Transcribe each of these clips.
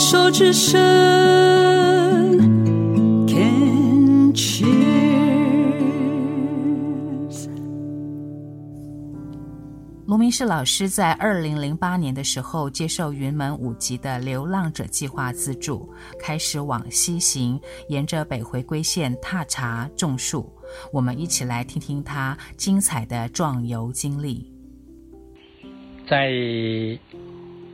手之伸，can cheers。盧銘世老師在二零零八年的時候，接受雲門舞集的流浪者計劃資助，開始往西行，沿着北回歸線踏查種樹。我們一起來聽聽他精彩的壯遊經歷。在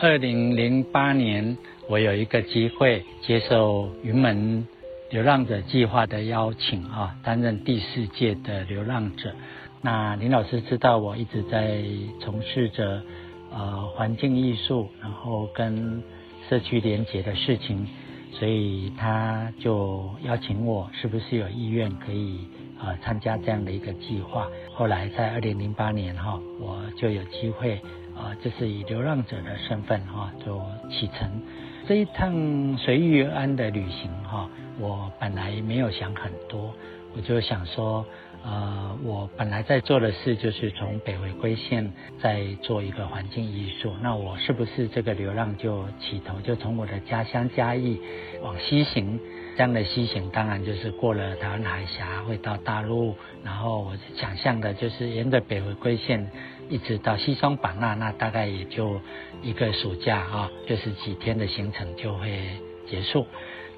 二零零八年。我有一個機會接受雲門流浪者計劃的邀請啊，擔任第四屆的流浪者。那林老師知道我一直在從事着呃環境藝術，然後跟社區聯結的事情，所以他就邀請我，是不是有意願可以呃參加這樣的一個計劃？後來在二零零八年哈，我就有機會。啊，就是以流浪者的身份哈，就啟程這一趟隨遇而安的旅行哈。我本來沒有想很多，我就想說，呃，我本來在做的事就是從北回歸線再做一個環境藝術。那我是不是這個流浪就起頭，就從我的家鄉嘉義往西行？這樣的西行當然就是過了台灣海峽，會到大陸。然後我想象的就是沿着北回歸線。一直到西雙版納，那大概也就一個暑假啊，就是幾天的行程就會結束。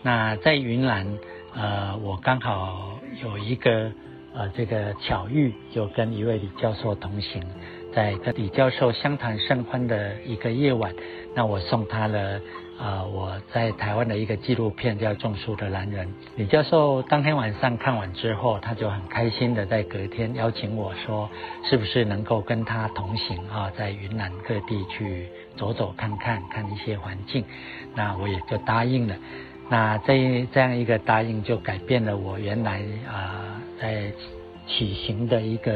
那在雲南，呃，我剛好有一個呃這個巧遇，就跟一位李教授同行，在跟李教授相談甚歡的一個夜晚，那我送他了。啊、呃，我在台灣的一個紀錄片叫《種樹的男人》，李教授當天晚上看完之後，他就很開心的在隔天邀請我說，是不是能夠跟他同行啊，在雲南各地去走走看看，看一些環境，那我也就答應了。那這這樣一個答應，就改變了我原來啊、呃、在。起行的一個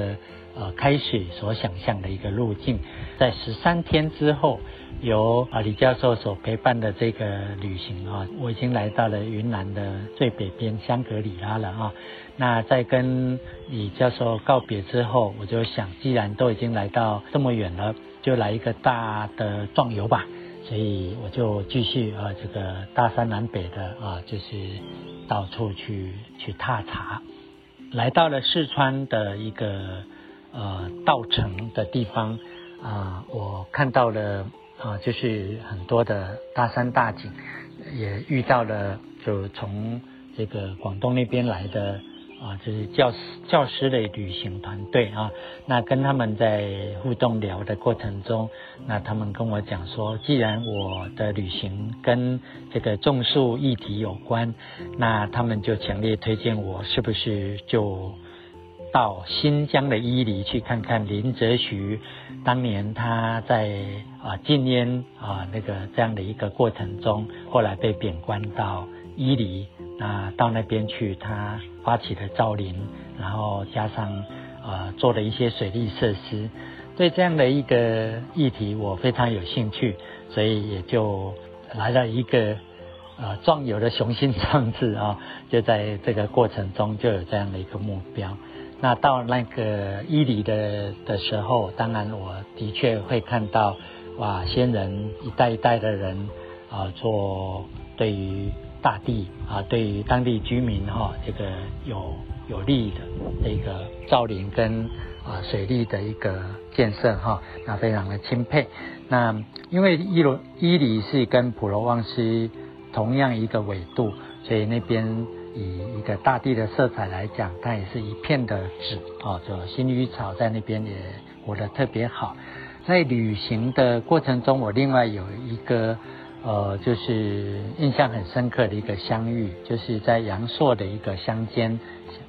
呃開始所想象的一個路徑，在十三天之後，由啊李教授所陪伴的這個旅行啊、哦，我已經來到了雲南的最北邊香格里拉了啊、哦。那在跟李教授告別之後，我就想，既然都已經來到這麼遠了，就來一個大的壯遊吧。所以我就繼續啊、呃、這個大山南北的啊、呃，就是到處去去踏查。來到了四川的一個呃稻城的地方啊、呃，我看到了啊、呃，就是很多的大山大景，也遇到了就從這個廣東那邊來的。啊，就是教師教師的旅行團隊啊，那跟他們在互動聊的過程中，那他們跟我講說，既然我的旅行跟這個種樹議題有關，那他們就強烈推薦我，是不是就到新疆的伊犁去看看林則徐當年他在啊禁煙啊那個這樣的一個過程中，後來被貶官到。伊犁，那到那邊去，他發起了造林，然後加上呃做了一些水利設施。對這樣的一個議題，我非常有興趣，所以也就來了一個呃壯遊的雄心壯志啊，就在這個過程中就有這樣的一個目標。那到那個伊犁的的時候，當然我的確會看到哇，先人一代一代的人啊、呃，做對於。大地啊，對於當地居民哈，這個有有利的這個造林跟啊水利的一個建設哈，那非常的欽佩。那因為伊犁伊犁是跟普羅旺斯同樣一個緯度，所以那邊以一個大地的色彩來講，它也是一片的紫哦，就薰衣草在那邊也活得特別好。在旅行的過程中，我另外有一個，呃，就是印象很深刻的一個相遇，就是在陽朔的一個鄉間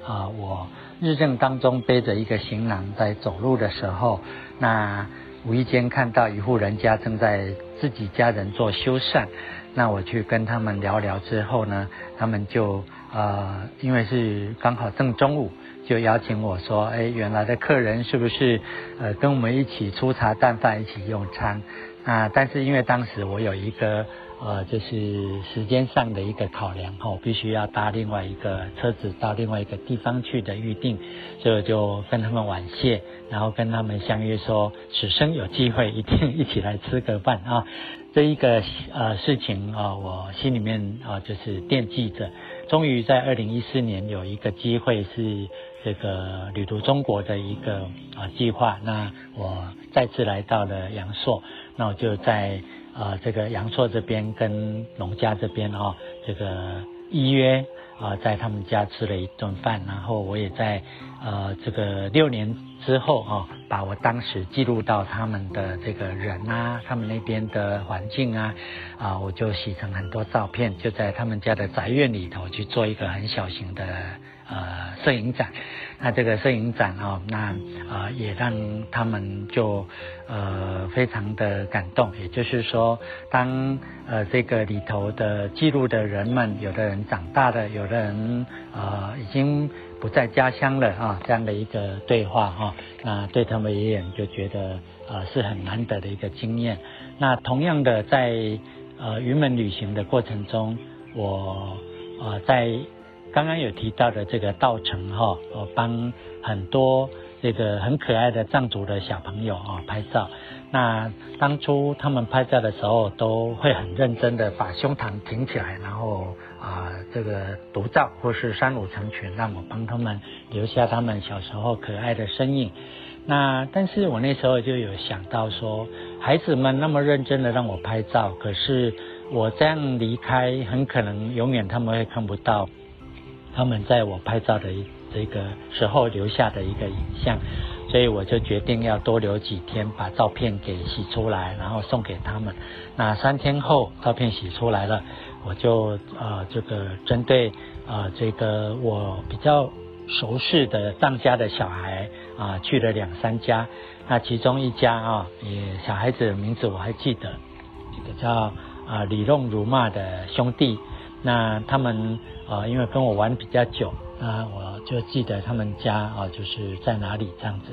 啊，呃，我日正當中背着一個行囊在走路的時候，那無意間看到一戶人家正在自己家人做修繕，那我去跟他們聊聊之後呢，他們就呃，因為是剛好正中午，就邀請我說，哎，原來的客人是不是呃跟我們一起粗茶淡飯一起用餐？啊，但是因為當時我有一個呃，就是時間上的一個考量，我、哦、必須要搭另外一個車子到另外一個地方去的預定，所以我就跟他們婉謝，然後跟他們相約說，此生有機會一定一起來吃個飯啊。這一個呃事情啊，我心裡面啊就是惦記着。終於在二零一四年有一個機會是這個旅途中國的一個啊計劃，那我再次來到了陽朔。那我就在呃這個陽朔這邊跟農家這邊啊、哦、這個預約啊、呃、在他們家吃了一頓飯，然後我也在呃這個六年之後啊、哦、把我當時記錄到他們的這個人啊，他們那邊的環境啊啊、呃、我就洗成很多照片，就在他們家的宅院裡頭去做一個很小型的呃攝影展。那這個攝影展哦，那呃也讓他們就呃非常的感動。也就是說，當呃這個裡頭的記錄的人們，有的人長大了，有的人啊、呃、已經不在家鄉了啊、哦，這樣的一個對話哈、哦，那對他們而言就覺得啊、呃、是很難得的一個經驗。那同樣的在，在呃雲門旅行的過程中，我呃在。剛剛有提到的這個稻城哈，我幫很多這個很可愛的藏族的小朋友啊、哦、拍照。那當初他們拍照的時候，都會很認真的把胸膛挺起來，然後啊、呃、這個獨照或是三五成群，讓我幫他們留下他們小時候可愛的身影。那但是我那時候就有想到說，孩子們那麼認真的讓我拍照，可是我這樣離開，很可能永遠他們會看不到。他們在我拍照的這個時候留下的一個影像，所以我就決定要多留幾天，把照片給洗出來，然後送給他們。那三天後，照片洗出來了，我就呃這個針對呃這個我比較熟悉的當家的小孩啊、呃、去了兩三家。那其中一家啊、哦，也小孩子的名字我還記得，這個叫啊李弄如罵的兄弟。那他們呃，因為跟我玩比較久，那我就記得他們家啊、呃，就是在哪裡這樣子。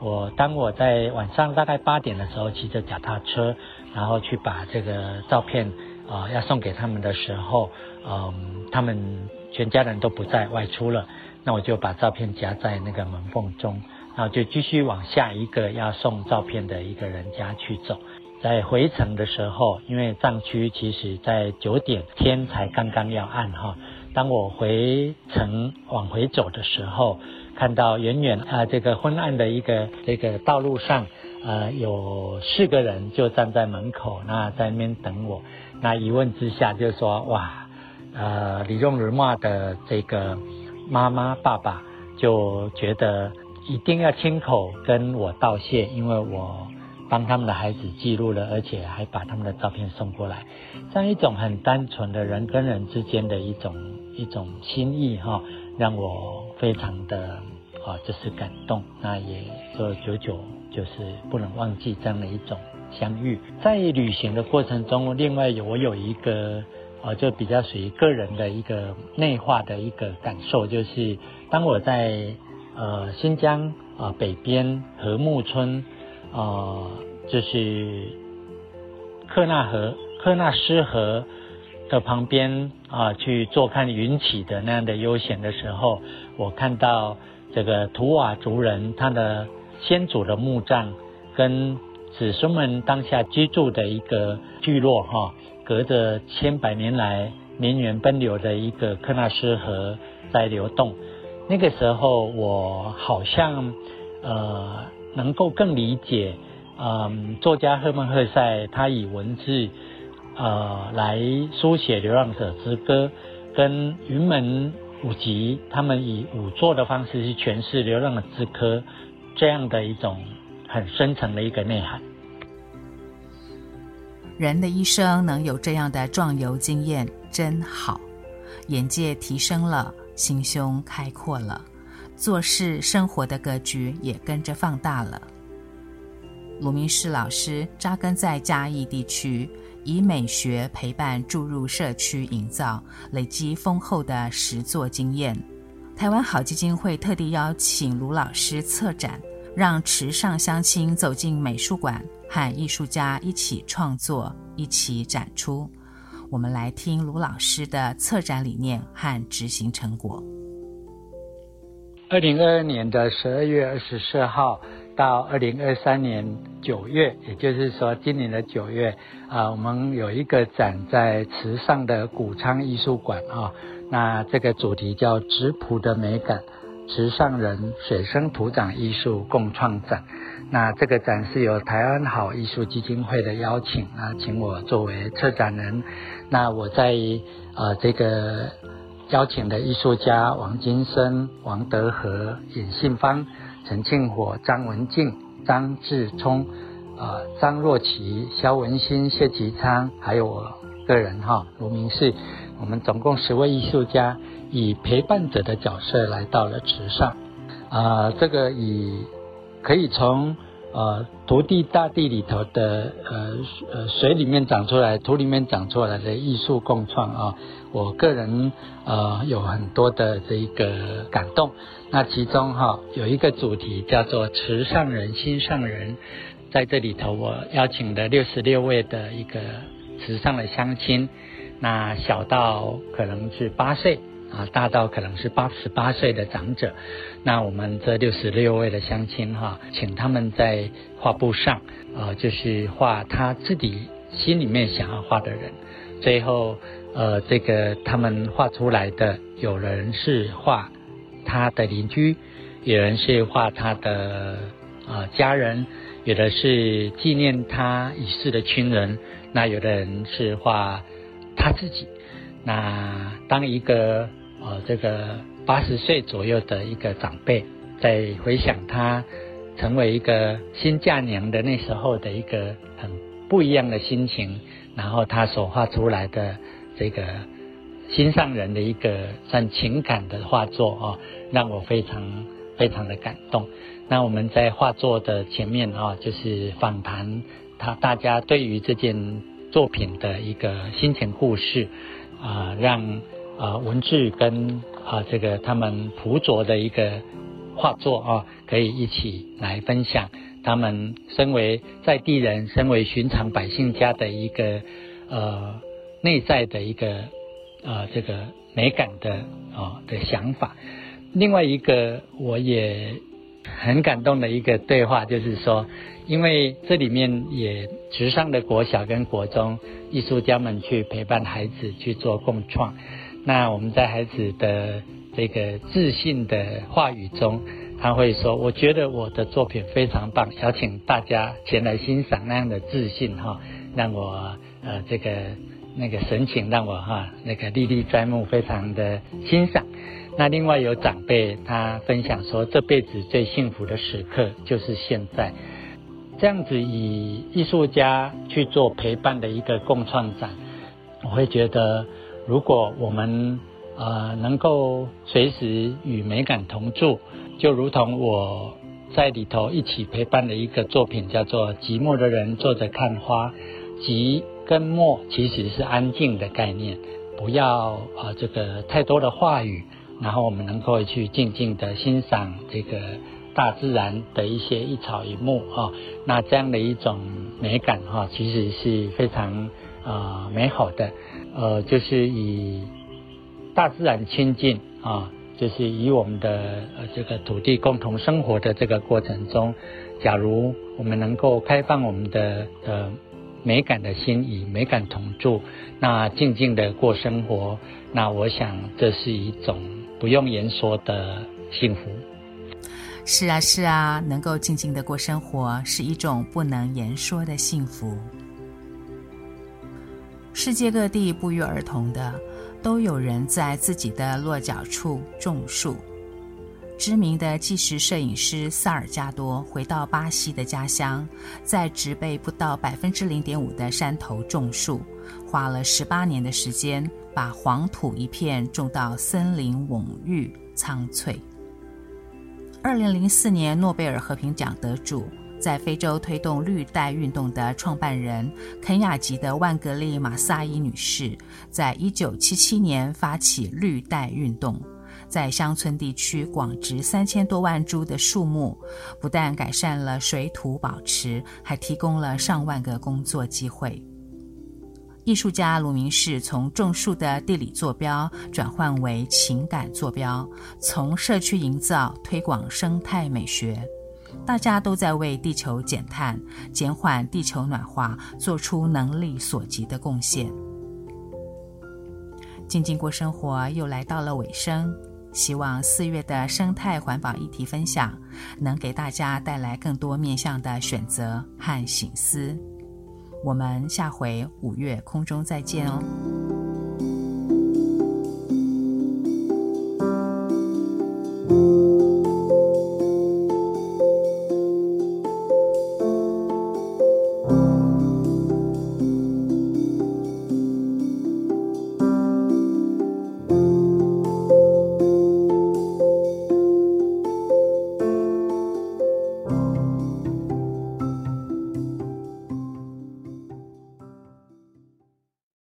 我當我在晚上大概八點的時候騎着腳踏車，然後去把這個照片呃要送給他們的時候，嗯、呃，他們全家人都不在外出了，那我就把照片夾在那個門縫中，然後就繼續往下一個要送照片的一個人家去走。在回程的時候，因為藏區其實在九點天才剛剛要暗哈。當我回城往回走的時候，看到遠遠啊、呃、這個昏暗的一個這個道路上，呃有四個人就站在門口那在那邊等我。那一問之下就說哇，呃李仲儒罵的這個媽媽爸爸就覺得一定要親口跟我道謝，因為我。幫他們的孩子記錄了，而且還把他們的照片送過來，這樣一種很單純的人跟人之間的一種一種心意哈、哦，讓我非常的啊、哦，就是感動。那也說久久就是不能忘記這樣的一種相遇。在旅行的過程中，另外有我有一個啊、哦，就比較屬於個人的一個內化的一個感受，就是當我在呃新疆啊、呃、北邊和睦村。啊、呃，就是克納河、克納斯河的旁邊啊、呃，去坐看雲起的那樣的悠閒的時候，我看到這個圖瓦族人他的先祖的墓葬，跟子孫們當下居住的一個聚落哈、哦，隔着千百年來綿延奔流的一個克納斯河在流動。那個時候我好像呃。能夠更理解，嗯，作家赫曼·赫塞他以文字，呃，來書寫《流浪者之歌》，跟雲門舞集他們以舞作的方式去詮釋《流浪的之歌》，這樣的一種很深層的一個內涵。人的一生能有這樣的壯遊經驗，真好，眼界提升了，心胸開闊了。做事生活的格局也跟着放大了。盧銘世老師扎根在嘉義地區，以美學陪伴注入社區營造，累積豐厚的實作經驗。台灣好基金會特地邀請盧老師策展，讓池上鄉親走進美術館，和藝術家一起創作，一起展出。我們來聽盧老師的策展理念和執行成果。二零二二年的十二月二十四號到二零二三年九月，也就是說今年的九月啊、呃，我們有一個展在池上的穀倉藝術館啊。那這個主題叫“質樸的美感”，池上人水生土長藝術共創展。那這個展是由台灣好藝術基金會的邀請啊，請我作為策展人。那我在啊、呃、這個。邀請的藝術家王金生、王德和、尹信芳、陳慶火、張文靜、張志聰、啊、呃，張若琪、肖文新、謝其昌，還有我個人哈盧、哦、銘世，我們總共十位藝術家以陪伴者的角色來到了池上，啊、呃，這個以可以從。呃，土地、大地裡頭的呃呃水裡面長出來，土裡面長出來的藝術共創啊、哦，我個人呃有很多的這一個感動。那其中哈、哦、有一個主題叫做慈善“池上人心上人”，在這裡頭我邀請了六十六位的一個池上的鄉親，那小到可能是八歲。啊，大到可能是八十八歲的長者，那我們這六十六位的鄉親哈，啊，請他們在畫布上，呃，就是畫他自己心裡面想要畫的人。最後，呃，這個他們畫出來的，有人是畫他的鄰居，有人是畫他的呃，家人，有的是紀念他已逝的親人，那有的人是畫他自己。那當一個哦，這個八十歲左右的一個長輩，在回想他成為一個新嫁娘的那時候的一個很不一樣的心情，然後他所畫出來的這個心上人的一個算情感的畫作哦，讓我非常非常的感動。那我們在畫作的前面哦，就是訪談他大家對於這件作品的一個心情故事啊，呃，讓。啊，文字跟啊，這個他們樸拙的一個畫作啊、哦，可以一起來分享他們身為在地人，身為尋常百姓家的一個呃內在的一個啊、呃、這個美感的啊、哦、的想法。另外一個我也很感動的一個對話，就是說，因為這裡面也池上的國小跟國中藝術家們去陪伴孩子去做共創。那我們在孩子的這個自信的話語中，他會說：“我覺得我的作品非常棒，邀請大家前來欣賞。”那樣的自信哈、哦，讓我呃這個那個神情讓我哈那個歷歷在目，非常的欣賞。那另外有長輩他分享說：“這輩子最幸福的時刻就是現在。”這樣子以藝術家去做陪伴的一個共創展，我會覺得。如果我們呃能夠隨時與美感同住，就如同我在裡頭一起陪伴的一個作品，叫做《寂寞的人坐着看花》。寂跟寞其實是安靜的概念，不要啊、呃、這個太多的話語，然後我們能夠去靜靜的欣賞這個大自然的一些一草一木啊、哦。那這樣的一種美感哈、哦，其實是非常啊、呃、美好的。呃，就是以大自然親近啊，就是以我們的呃這個土地共同生活的這個過程中，假如我們能夠開放我們的呃美感的心，與美感同住，那靜靜的過生活，那我想這是一種不用言說的幸福。是啊，是啊，能夠靜靜的過生活，是一種不能言說的幸福。世界各地不約而同的，都有人在自己的落腳處種樹。知名的紀實攝影師薩爾加多回到巴西的家鄉，在植被不到百分之零點五的山頭種樹，花了十八年的時間，把黃土一片種到森林蓊鬱蒼翠。二零零四年，諾貝爾和平獎得主，在非洲推動綠帶運動的創辦人，肯亞籍的萬格利馬薩伊女士，在1977年發起綠帶運動，在鄉村地區廣植3000多萬株的樹木，不但改善了水土保持，還提供了上萬個工作機會。藝術家盧銘世從種樹的地理坐標轉換為情感坐標，從社區營造推廣生態美學。大家都在為地球減碳、減緩地球暖化做出能力所及的貢獻。靜靜過生活又來到了尾聲，希望四月的生態環保議題分享能給大家帶來更多面向的選擇和省思。我們下回五月空中再見哦。